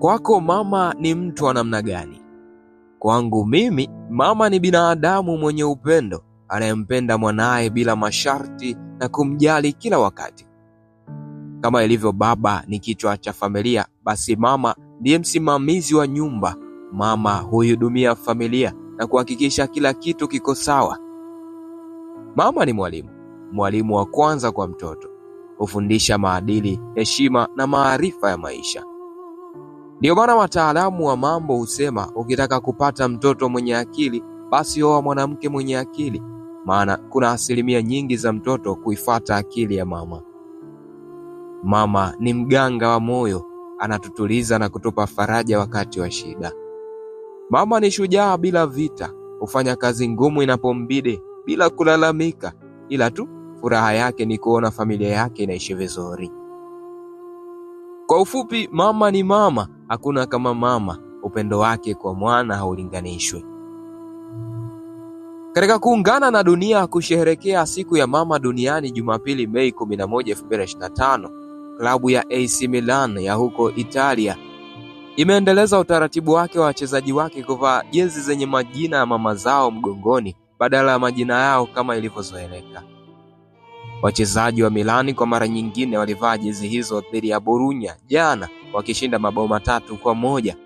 Kwako mama ni mtu wa namna gani? Kwangu mimi mama ni binadamu mwenye upendo anayempenda mwanaye bila masharti na kumjali kila wakati. Kama ilivyo baba ni kichwa cha familia, basi mama ndiye msimamizi wa nyumba. Mama huihudumia familia na kuhakikisha kila kitu kiko sawa. Mama ni mwalimu, mwalimu wa kwanza kwa mtoto. Hufundisha maadili, heshima na maarifa ya maisha. Ndiyo maana wataalamu wa mambo husema ukitaka kupata mtoto mwenye akili, basi oa mwanamke mwenye akili, maana kuna asilimia nyingi za mtoto kuifata akili ya mama. Mama ni mganga wa moyo, anatutuliza na kutupa faraja wakati wa shida. Mama ni shujaa bila vita, hufanya kazi ngumu inapombidi bila kulalamika, ila tu furaha yake ni kuona familia yake inaishi vizuri. Kwa ufupi, mama ni mama Hakuna kama mama, upendo wake kwa mwana haulinganishwi. Katika kuungana na dunia kusherehekea siku ya mama duniani Jumapili, Mei 11, 2025, klabu ya AC Milan ya huko Italia imeendeleza utaratibu wake wa wachezaji wake kuvaa jezi zenye majina ya mama zao mgongoni badala ya majina yao kama ilivyozoeleka. Wachezaji wa Milani kwa mara nyingine walivaa jezi hizo dhidi ya Borunya jana wakishinda mabao matatu kwa moja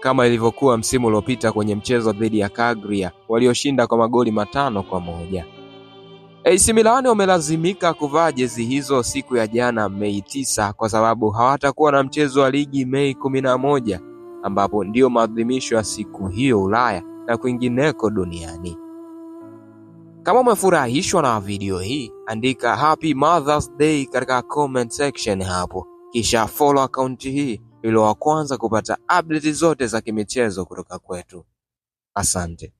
kama ilivyokuwa msimu uliopita kwenye mchezo dhidi ya Kagria walioshinda kwa magoli matano kwa moja. AC Milan wamelazimika kuvaa jezi hizo siku ya jana Mei 9 kwa sababu hawatakuwa na mchezo wa ligi Mei 11 ambapo ndiyo maadhimisho ya siku hiyo Ulaya na kwingineko duniani. Kama umefurahishwa na video hii, andika Happy Mother's Day katika comment section hapo kisha follow akaunti hii ili wa kwanza kupata update zote za kimichezo kutoka kwetu. Asante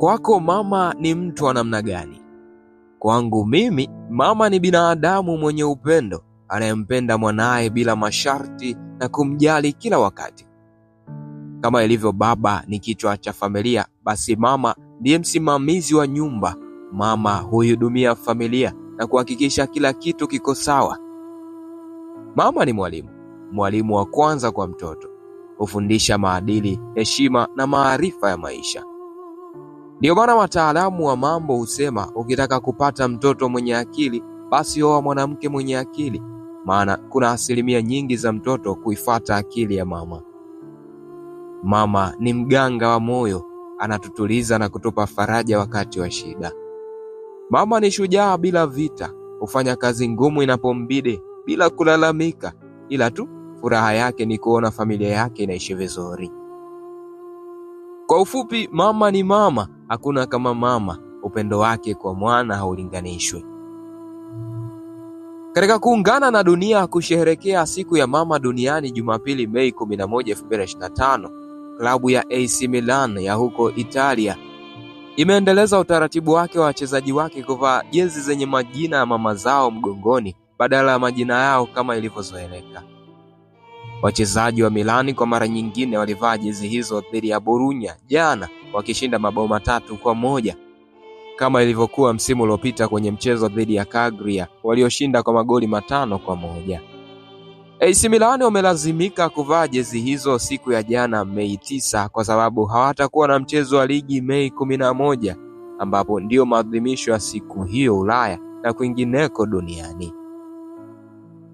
kwako. Mama ni mtu wa namna gani? Kwangu mimi, mama ni binadamu mwenye upendo anayempenda mwanaye bila masharti na kumjali kila wakati. Kama ilivyo baba ni kichwa cha familia, basi mama ndiye msimamizi wa nyumba Mama huihudumia familia na kuhakikisha kila kitu kiko sawa. Mama ni mwalimu, mwalimu wa kwanza kwa mtoto. Hufundisha maadili, heshima na maarifa ya maisha. Ndiyo maana wataalamu wa mambo husema ukitaka kupata mtoto mwenye akili, basi oa mwanamke mwenye akili, maana kuna asilimia nyingi za mtoto kuifata akili ya mama. Mama ni mganga wa moyo, anatutuliza na kutupa faraja wakati wa shida. Mama ni shujaa bila vita, hufanya kazi ngumu inapombidi bila kulalamika, ila tu furaha yake ni kuona familia yake inaishi vizuri. Kwa ufupi, mama ni mama, hakuna kama mama. Upendo wake kwa mwana haulinganishwi. Katika kuungana na dunia kusherehekea siku ya mama duniani Jumapili, Mei 11, 2025, klabu ya AC Milan ya huko Italia imeendeleza utaratibu wake wa wachezaji wake kuvaa jezi zenye majina ya mama zao mgongoni badala ya majina yao kama ilivyozoeleka. Wachezaji wa Milani kwa mara nyingine walivaa jezi hizo dhidi ya Borunya jana, wakishinda mabao matatu kwa moja kama ilivyokuwa msimu uliopita kwenye mchezo dhidi ya kagria walioshinda kwa magoli matano kwa moja. AC Milan wamelazimika kuvaa jezi hizo siku ya jana Mei tisa kwa sababu hawatakuwa na mchezo wa ligi Mei kumi na moja ambapo ndio maadhimisho ya siku hiyo Ulaya na kwingineko duniani.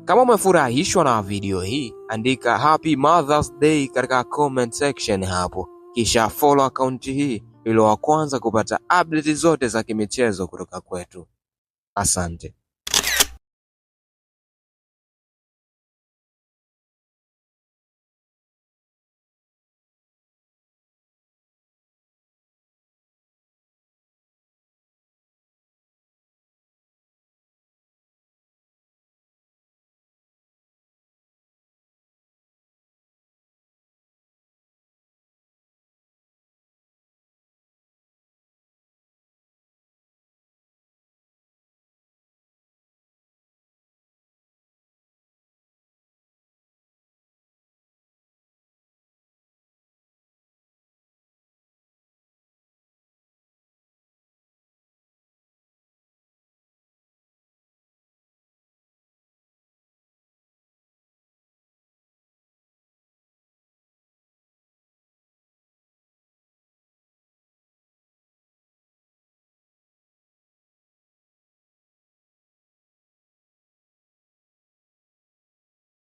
Kama umefurahishwa na video hii, andika Happy Mother's Day katika comment section hapo, kisha follow akaunti hii ili wa kwanza kupata update zote za kimichezo kutoka kwetu. Asante.